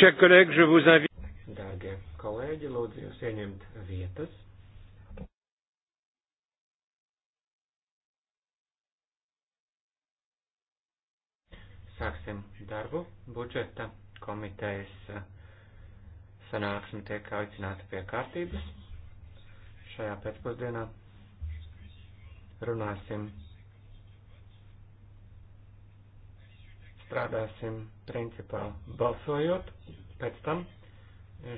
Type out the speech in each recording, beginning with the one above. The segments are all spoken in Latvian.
Chers collègues, je vous invite. Dārgie kolēģi, lūdzu jūs ieņemt vietas. Sāksim darbu budžeta komitejas sanāksme tiek aicināta pie kārtības. Šajā pēcpusdienā runāsim, strādāsim principā balsojot, pēc tam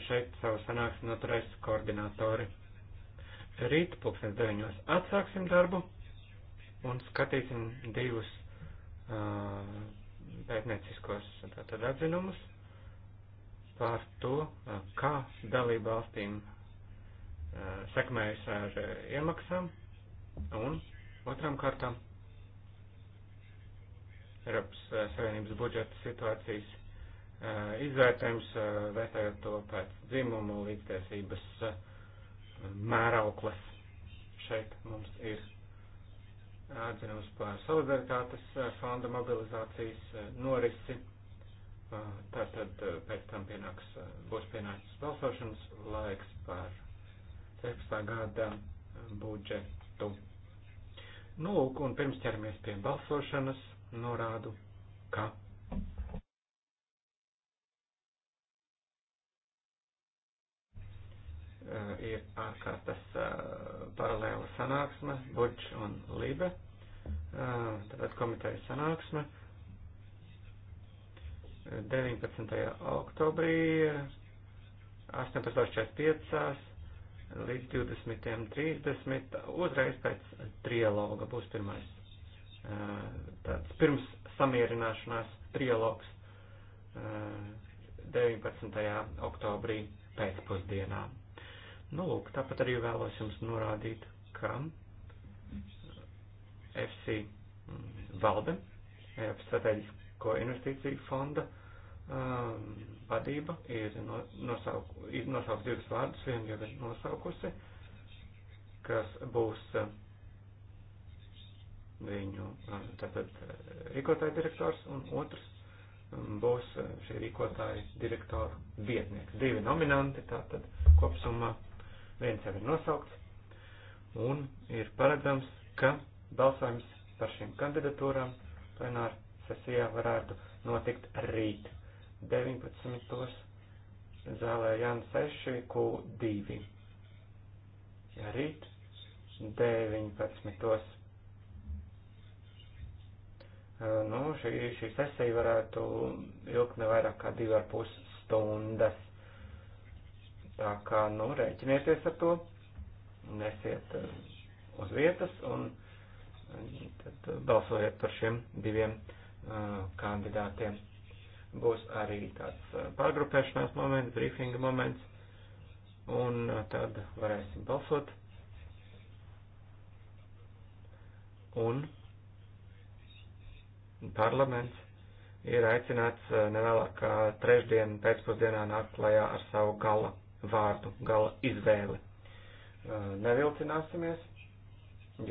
šeit savu sanāksmi noturēs koordinatori. Rīt pulkstens deviņos atsāksim darbu un skatīsim divus uh, pētnieciskos tātad atzinumus par to, kā dalību valstīm eh, sekmējas ar eh, iemaksām un otram kārtam Eiropas eh, Savienības budžeta situācijas izvērtējums, vērtējot to pēc dzimumu līdztiesības mērauklas. Šeit mums ir atzinums par solidaritātes fonda mobilizācijas norisi Tā tad pēc tam pienāks, būs pienācis balsošanas laiks par 16. gada budžetu. Nu, lūk, un pirms ķeramies pie balsošanas, norādu, ka. Ir ārkārtas paralēla sanāksme, budž un libe, tātad komiteja sanāksme 19. oktobrī 18.45 līdz 20.30 uzreiz pēc trialoga būs pirmais tāds pirms samierināšanās trialogs 19. oktobrī pēcpusdienā. Nu, lūk, tāpat arī vēlos jums norādīt, ka FC mm, valde, Eiropas strateģiski ko investīcija fonda um, vadība ir nosauk, nosaukusi divus vārdus, vienu jau ir nosaukusi, kas būs uh, viņu uh, tātad uh, rīkotāja direktors un otrs um, būs šī rīkotāja direktora vietnieks. Divi nominanti, tātad kopsumā viens jau ir nosaukts un ir paredzams, ka balsojums par šīm kandidatūrām plenāra sesijā varētu notikt rīt 19. zālē Jan 6 Q2. Ja rīt 19. Nu, šī, šī sesija varētu ilgt ne vairāk kā 2,5 stundas. Tā kā, nu, rēķinieties ar to, nesiet uz vietas un tad balsojiet par šiem diviem kandidātiem. Būs arī tāds pārgrupēšanās moments, brīfinga moments, un tad varēsim balsot. Un parlaments ir aicināts nevēlāk kā trešdien pēcpusdienā nākt klajā ar savu gala vārdu, gala izvēli. Nevilcināsimies,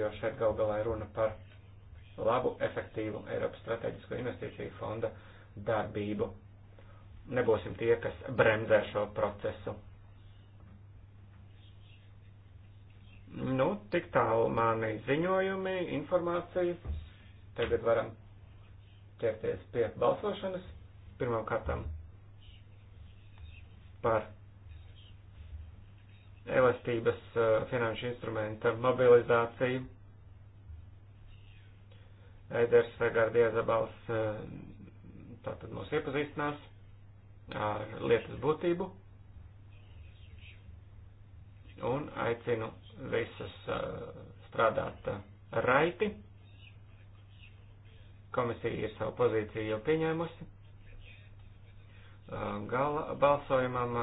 jo šeit gal galā ir runa par labu, efektīvu Eiropas strateģisko investīciju fonda darbību. Nebūsim tie, kas bremzē šo procesu. Nu, tik tālu mani ziņojumi, informācija. Tagad varam ķerties pie balsošanas. Pirmām kārtām par elastības eh, finanšu instrumenta mobilizāciju Eiders Vegardie Zabals eh, tātad mūs iepazīstinās ar lietas būtību un aicinu visus eh, strādāt eh, raiti. Komisija ir savu pozīciju jau pieņēmusi. Gala balsojumam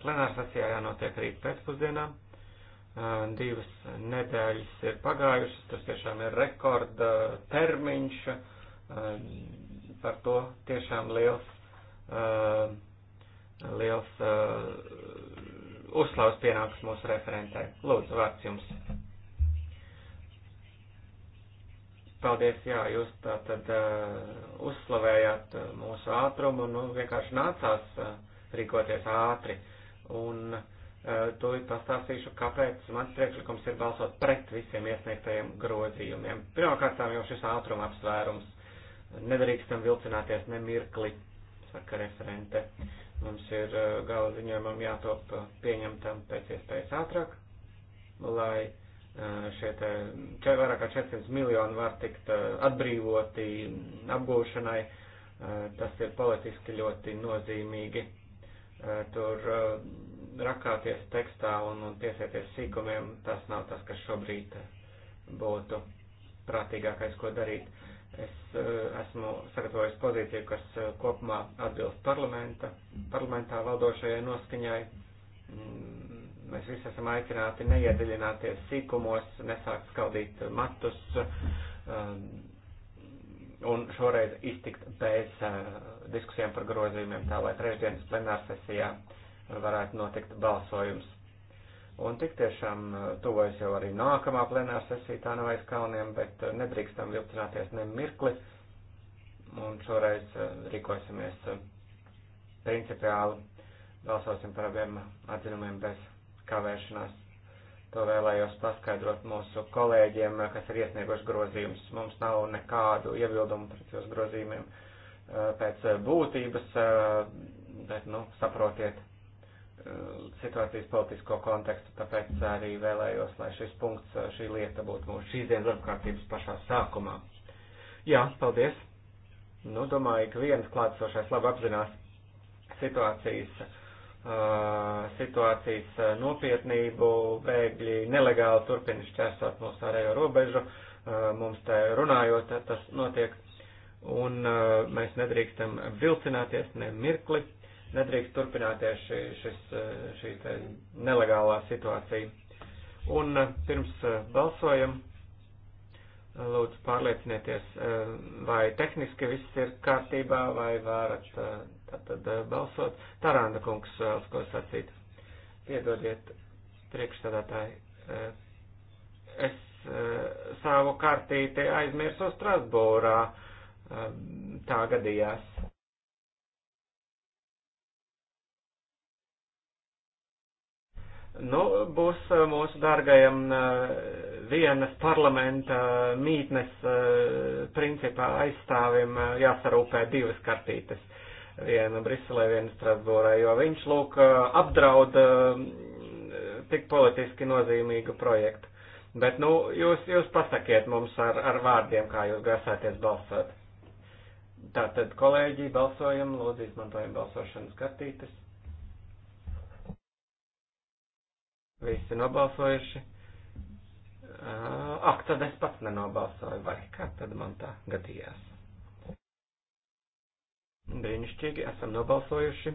plenārsasijā jānotiek rīt pēcpusdienām divas nedēļas ir pagājušas, tas tiešām ir rekorda termiņš, par to tiešām liels, liels uzslavas pienāks mūsu referentē. Lūdzu, vārds jums. Paldies, jā, jūs tā tad uzslavējāt mūsu ātrumu, nu vienkārši nācās rīkoties ātri. Un uh, Eh, tūlīt pastāstīšu, kāpēc mans priekšlikums ir balsot pret visiem iesniegtajiem grozījumiem. Pirmkārt, jau šis ātruma apsvērums. Nedrīkstam vilcināties nemirkli, saka referente. Mums ir eh, gala ziņojumam jātop eh, pieņemtam pēc iespējas ātrāk, lai šie te vairāk kā 400 miljoni var tikt atbrīvoti apgūšanai. Tas ir politiski ļoti nozīmīgi. Tur rakāties tekstā un, un piesieties sīkumiem, tas nav tas, kas šobrīd būtu prātīgākais, ko darīt. Es eh, esmu sagatavojis pozīciju, kas eh, kopumā atbilst parlamenta, parlamentā valdošajai noskaņai. Mm, mēs visi esam aicināti neiedziļināties sīkumos, nesākt skaldīt matus eh, un šoreiz iztikt bez diskusijām par grozījumiem, tā lai trešdienas plenārsesijā sesijā varētu notikt balsojums. Un tik tiešām eh, tuvojas jau arī nākamā plenāra sesija, tā nav aiz kalniem, bet eh, nedrīkstam vilcināties ne mirkli. Un šoreiz eh, rīkosimies principiāli, balsosim par abiem atzinumiem bez kavēšanās. To vēlējos paskaidrot mūsu kolēģiem, kas ir iesnieguši grozījumus. Mums nav nekādu iebildumu pret jūsu grozījumiem pēc būtības, bet, nu, saprotiet, Uh, situācijas politisko kontekstu, tāpēc arī vēlējos, lai šis punkts, uh, šī lieta būtu mūsu šīs dienas darbkārtības pašā sākumā. Jā, paldies. Nu, domāju, ka viens klātsošais labi apzinās situācijas, uh, situācijas uh, nopietnību, bēgļi nelegāli turpina šķērsot mūsu ārējo robežu, uh, mums te runājot, tas notiek, un uh, mēs nedrīkstam vilcināties ne mirkli. Uh, nedrīkst turpināties eh, šī, šis, šī nelegālā situācija. Un eh, pirms eh, balsojam, lūdzu pārliecinieties, vai tehniski viss ir kārtībā, vai varat tātad balsot. Taranda kungs vēlas ko sacīt. Piedodiet, priekšstādātāji, es savu kartīti aizmirsu Strasbūrā. Tā gadījās nu, būs eh, mūsu dārgajam eh, vienas parlamenta mītnes eh, principā aizstāvim jāsarūpē divas kartītes. Viena Briselē, viena Strasbūrē, jo viņš lūk apdraud tik politiski nozīmīgu projektu. Bet, nu, jūs, jūs pasakiet mums ar, ar vārdiem, kā jūs grasāties balsot. Tātad, kolēģi, balsojam, lūdzu, izmantojam balsošanas kartītes. Visi nobalsojuši. Ak, tad es pats nenobalsoju, vai kā tad man tā gadījās? Brīnišķīgi, esam nobalsojuši.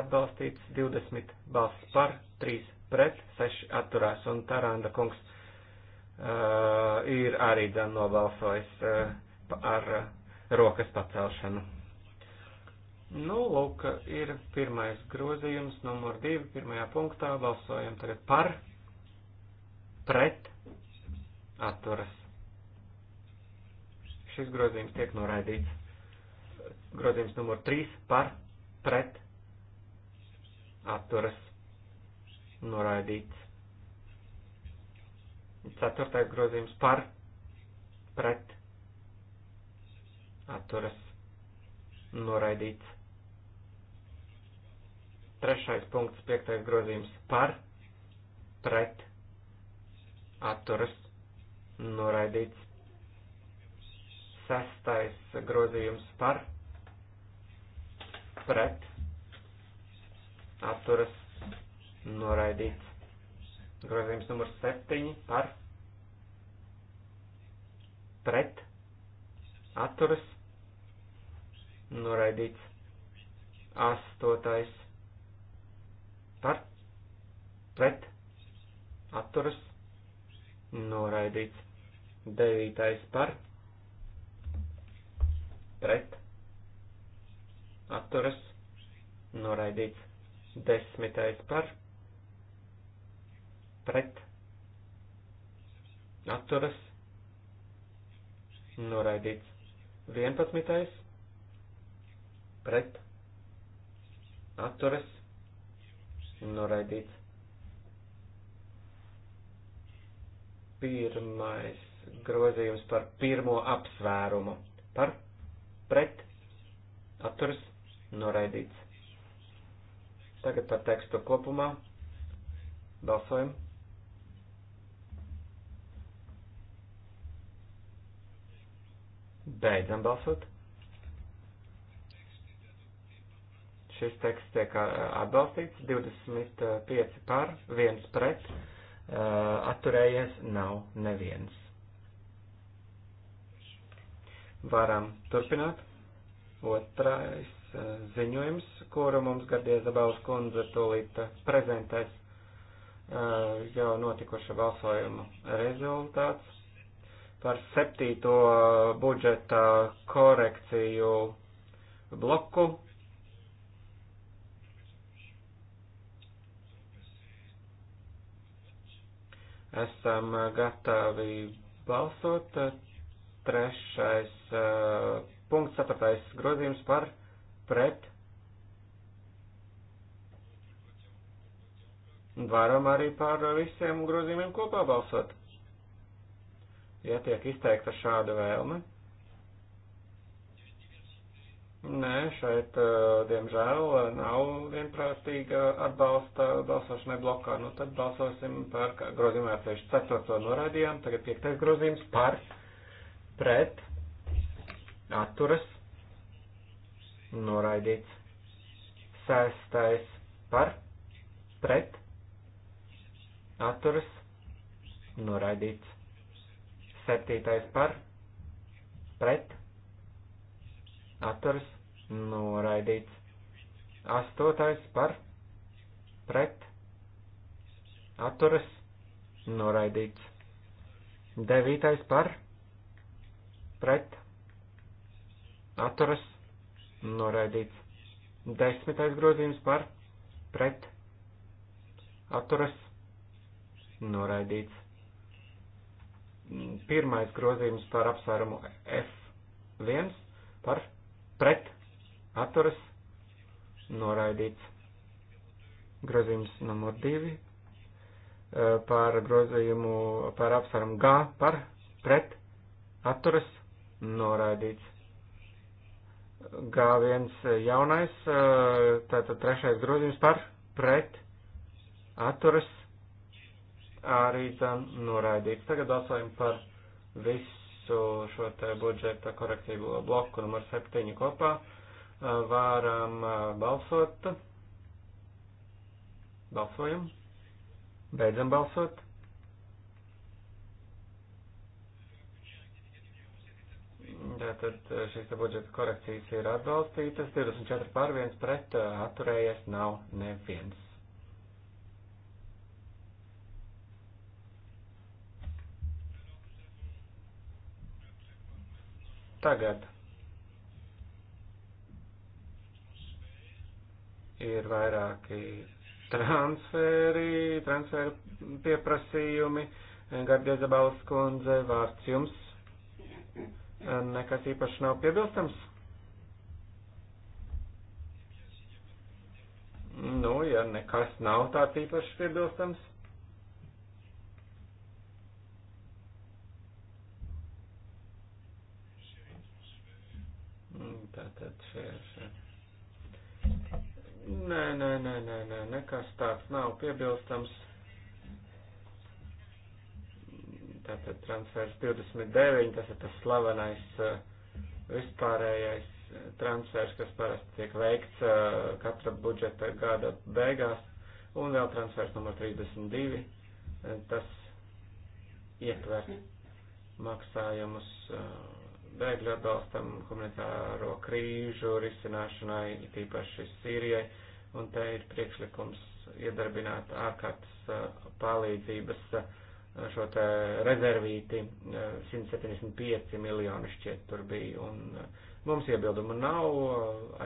Atbalstīts 20 balss par, 3 pret, 6 atturās, un Taranda kungs uh, ir arī dzēn nobalsojis uh, ar uh, rokas pacelšanu. Nu, lūk, ir pirmais grozījums, numur divi, pirmajā punktā balsojam tagad par, pret, atturas. Šis grozījums tiek noraidīts. Grozījums numur trīs par, pret, atturas, noraidīts. Ceturtais grozījums par, pret, atturas, noraidīts Trešais punkts, piektais grozījums par, pret, atturas, noraidīts. Sestais grozījums par, pret, atturas, noraidīts. Grozījums numurs septiņi par, pret, atturas, noraidīts. Astotais par pret atturas noraidīts. Devītais par pret atturas noraidīts. Desmitais par pret atturas noraidīts. Vienpadsmitais pret atturas noraidīts. Pirmais grozījums par pirmo apsvērumu. Par pret atturs noraidīts. Tagad par tekstu kopumā balsojam. Beidzam balsot. Šis teksts tiek atbalstīts 25 par, 1 pret, atturējies nav neviens. Varam turpināt. Otrais ziņojums, kuru mums Gardies Zabaus kundze tūlīt prezentēs jau notikuša balsojuma rezultāts par septīto budžeta korekciju bloku Esam uh, gatavi balsot. Trešais uh, punkts, ceturtais grozījums par pret. Varam arī par visiem grozījumiem kopā balsot. Ja tiek izteikta šāda vēlme. Nē, šeit, diemžēl, nav vienprātīga atbalsta balsošanai blokā. Nu, tad balsosim par grozījumu ar 64. noraidījām, tagad 5. grozījums par, pret, atturas, noraidīts. 6. par, pret, atturas, noraidīts. 7. par, pret, atturas noraidīts. Astotais par pret atturas noraidīts. Devītais par pret atturas noraidīts. Desmitais grozījums par pret atturas noraidīts. Pirmais grozījums par apsvērumu F1 par pret pret atturas noraidīts. Grozījums numur 2 par grozījumu par apsvarumu G par pret atturas noraidīts. G1 jaunais, tātad trešais grozījums par pret atturas arī tam noraidīts. Tagad balsojam par visu visu šo te budžeta korektīvo bloku numur septiņu kopā. Varam balsot. Balsojam. Beidzam balsot. Tātad šīs budžeta korekcijas ir atbalstītas, 24 pār 1 pret atturējies nav neviens. Tagad ir vairāki transferi, transferu pieprasījumi. Gardieza Balskundze, vārds jums. Nekas īpaši nav piebilstams. Nu, ja nekas nav tāds īpaši piebilstams, Tātad šie. Nē, nē, nē, nē, nē, nekas tāds nav piebilstams. Tātad transfers 29, tas ir tas slavenais eh, vispārējais eh, transfers, kas parasti tiek veikts eh, katra budžeta gada beigās, un vēl transfers numur 32, tas ietver maksājumus. Uh, bēgļu atbalstam, humanitāro krīžu risināšanai, it īpaši Sīrijai, un te ir priekšlikums iedarbināt ārkārtas uh, palīdzības uh, šo te rezervīti 175 uh, miljoni šķiet tur bija, un mums iebildumu nav,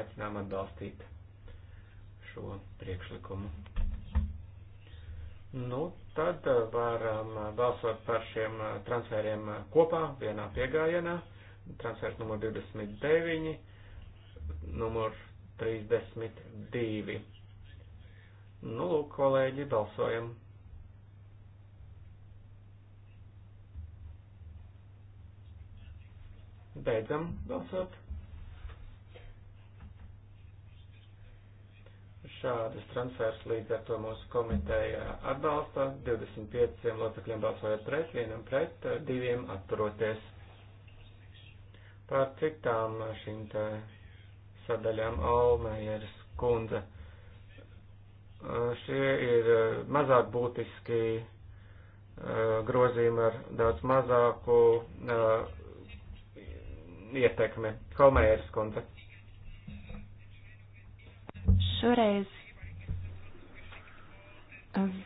aicinām atbalstīt šo priekšlikumu. Nu, tad varam balsot par šiem transferiem kopā vienā piegājienā transfers numur 29, numur 32. Nu, lūk, kolēģi, balsojam. Beidzam balsot. Šādas transfers līdz ar to mūsu komiteja atbalsta 25 locekļiem balsojot pret, vienam pret, diviem atturoties par citām šīm te sadaļām Almējeras kundze. Šie ir mazāk būtiski grozījumi ar daudz mazāku ietekmi. Holmējeras kundze. Šoreiz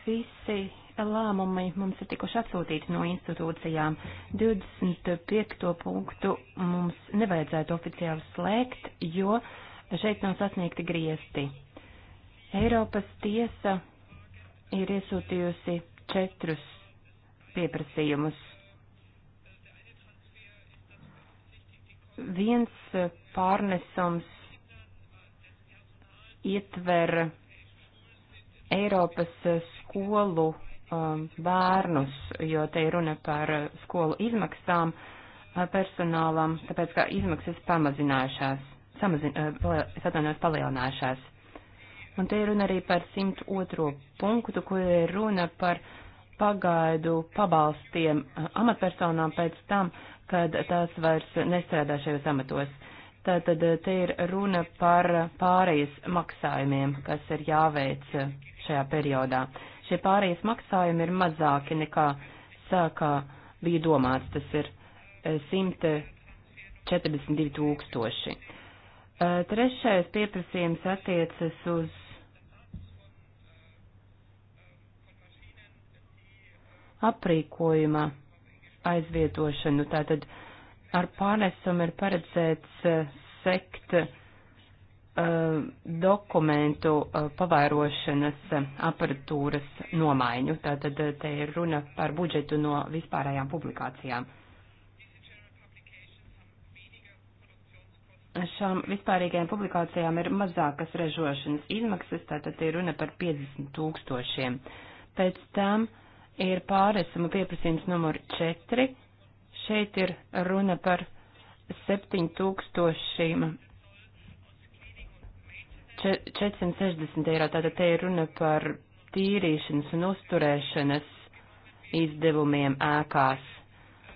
visi lēmumi mums ir tikuši atsūtīti no institūcijām. 25. punktu mums nevajadzētu oficiāli slēgt, jo šeit nav sasniegti griesti. Eiropas tiesa ir iesūtījusi četrus pieprasījumus. Viens pārnesums ietver Eiropas skolu Um, bērnus, jo te ir runa par skolu izmaksām uh, personālam, tāpēc kā izmaksas pamazinājušās, samazin, uh, es atvainojos, palielinājušās. Un te ir runa arī par 102. punktu, kur ir runa par pagaidu pabalstiem uh, amatpersonām pēc tam, kad tās vairs nestrādā šajos amatos. Tātad te ir runa par pārējas maksājumiem, kas ir jāveic šajā periodā. Uh, šie pārējais maksājumi ir mazāki nekā sākā bija domāts. Tas ir 142 eh, tūkstoši. Eh, trešais pieprasījums attiecas uz aprīkojuma aizvietošanu. Tātad ar pārnesumu ir paredzēts eh, sekt Uh, dokumentu uh, pavairošanas uh, aparatūras nomaiņu. Tātad te ir runa par budžetu no vispārējām publikācijām. Šām vispārīgajām publikācijām ir mazākas ražošanas izmaksas, tātad ir runa par 50 tūkstošiem. Pēc tam ir pāresuma pieprasījums numur 4. Šeit ir runa par 7000 460 eiro. Tātad te ir runa par tīrīšanas un uzturēšanas izdevumiem ēkās,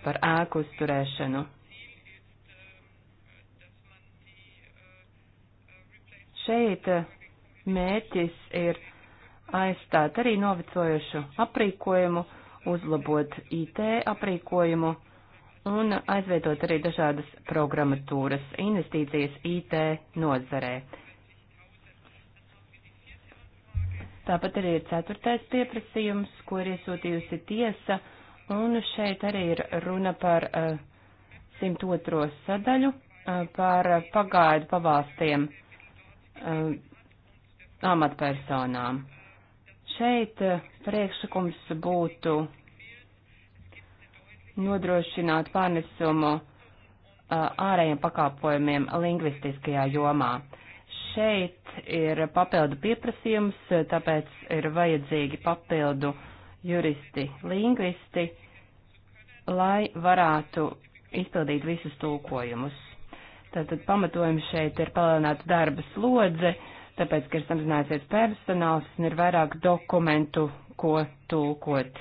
par ēku uzturēšanu. Šeit eh, mērķis ir aizstāt arī novecojušu aprīkojumu, uzlabot IT aprīkojumu un aizvietot arī dažādas programmatūras investīcijas IT nozarē. Tāpat arī ir ceturtais pieprasījums, ko ir iesūtījusi tiesa, un šeit arī ir runa par uh, eh, 102. sadaļu uh, par pagaidu pavalstiem uh, amatpersonām. Šeit uh, priekšlikums būtu nodrošināt pārnesumu uh, ārējiem pakāpojumiem lingvistiskajā jomā. Uh, šeit ir papildu pieprasījums, tāpēc ir vajadzīgi papildu juristi, lingvisti, lai varētu izpildīt visus tulkojumus. Tātad pamatojums šeit ir palielināta darba slodze, tāpēc, ka ir samazinājusies personāls un ir vairāk dokumentu, ko tulkot.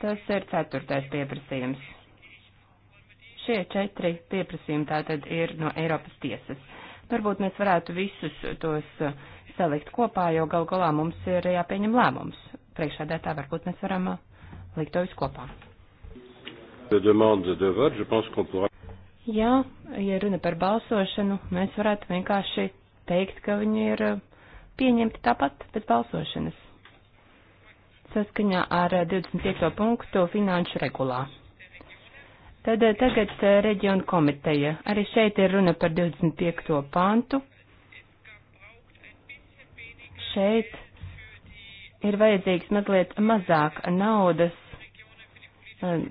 Tas ir ceturtais pieprasījums. Šie četri pieprasījumi tātad ir no Eiropas tiesas. Varbūt mēs varētu visus tos eh, salikt kopā, jo gal galā mums ir jāpieņem lēmums. Priekšādētā varbūt mēs varam eh, likt to visu kopā. Jā, ja runa par balsošanu, mēs varētu vienkārši teikt, ka viņi ir eh, pieņemti tāpat pēc balsošanas. Saskaņā ar 25. punktu finanšu regulā. Tad eh, tagad eh, reģiona komiteja. Arī šeit ir runa par 25. pantu. Šeit ir vajadzīgs mazliet mazāk naudas eh,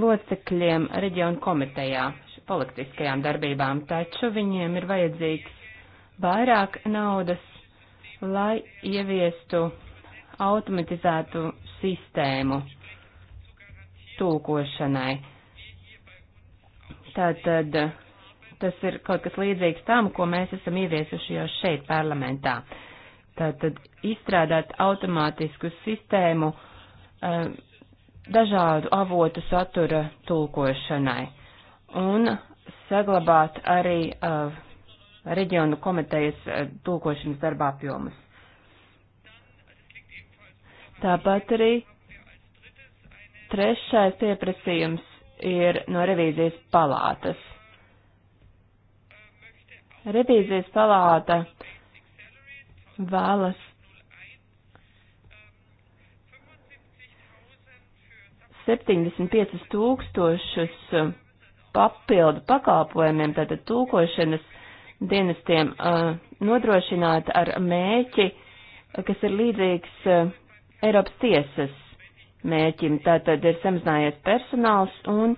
locekļiem reģionu komitejā, politiskajām darbībām, taču viņiem ir vajadzīgs vairāk naudas, lai ieviestu automatizētu sistēmu tūkošanai. Tātad tas ir kaut kas līdzīgs tam, ko mēs esam ieviesuši jau šeit parlamentā. Tātad izstrādāt automātisku sistēmu um, dažādu avotu satura tulkošanai un saglabāt arī uh, reģionu komitejas uh, tulkošanas darba apjomus. Tāpat arī trešais pieprasījums ir no revīzijas palātas. Revīzijas palāta vēlas 75 tūkstošus papildu pakalpojumiem, tātad tūkošanas dienestiem uh, nodrošināt ar mēķi, kas ir līdzīgs uh, Eiropas tiesas mērķim. Tātad ir samazinājies personāls un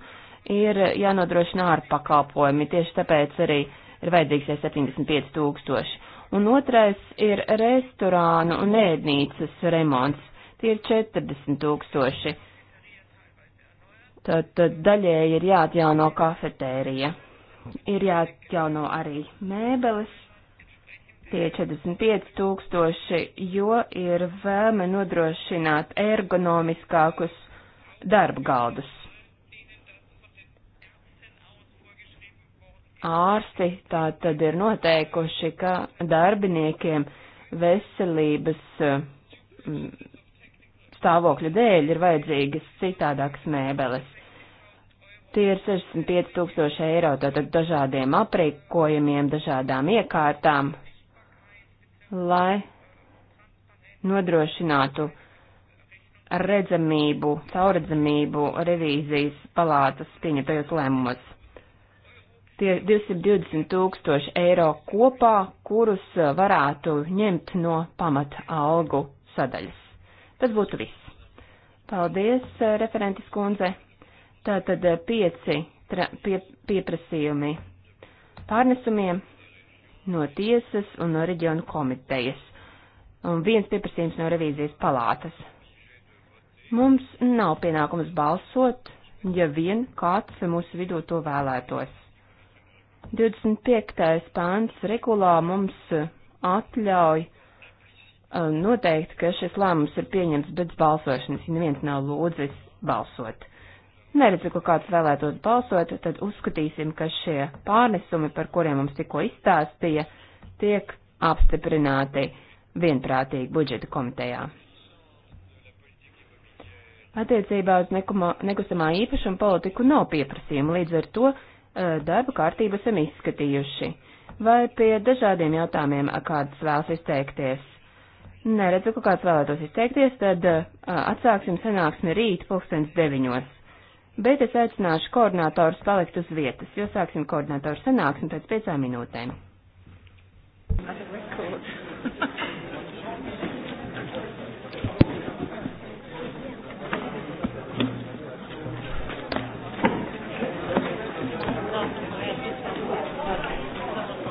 ir jānodrošina ārpakalpojumi. Tieši tāpēc arī ir vajadzīgs 75 tūkstoši. Un otrais ir restorānu un ēdnīcas remonts. Tie ir 40 tūkstoši. Tad, tad daļēji ir jāatjauno kafetērija. Ir jāatjauno arī mēbeles tie 45 tūkstoši, jo ir vēlme nodrošināt ergonomiskākus darba galdus. Ārsti tā tad ir noteikuši, ka darbiniekiem veselības mm, stāvokļa dēļ ir vajadzīgas citādākas mēbeles. Tie ir 65 tūkstoši eiro tātad dažādiem aprīkojumiem, dažādām iekārtām, lai nodrošinātu redzamību, caurredzamību revīzijas palātas pieņemtajos lēmumos. Tie 220 tūkstoši eiro kopā, kurus varētu ņemt no pamata algu sadaļas. Tas būtu viss. Paldies, referentis kundze. Tātad pieci tra, pie, pieprasījumi pārnesumiem no tiesas un no reģionu komitejas, un viens pieprasījums no revīzijas palātas. Mums nav pienākums balsot, ja vien kāds mūsu vidū to vēlētos. 25. pāns regulā mums atļauj um, noteikt, ka šis lēmums ir pieņemts bez balsošanas, ja neviens nav lūdzis balsot neredzu, ka kāds vēlētos balsot, tad uzskatīsim, ka šie pārnesumi, par kuriem mums tikko izstāstīja, tiek apstiprināti vienprātīgi budžeta komitejā. Attiecībā uz nekumā, nekustamā īpašuma politiku nav pieprasījuma, līdz ar to eh, darba kārtību esam izskatījuši. Vai pie dažādiem jautājumiem kāds vēlas izteikties? Neredzu, ka kāds vēlētos izteikties, tad eh, atsāksim sanāksmi rīt pulkstens deviņos bet es aicināšu koordinatorus palikt uz vietas, jo sāksim koordinatoru sanāksmi pēc piecām minūtēm.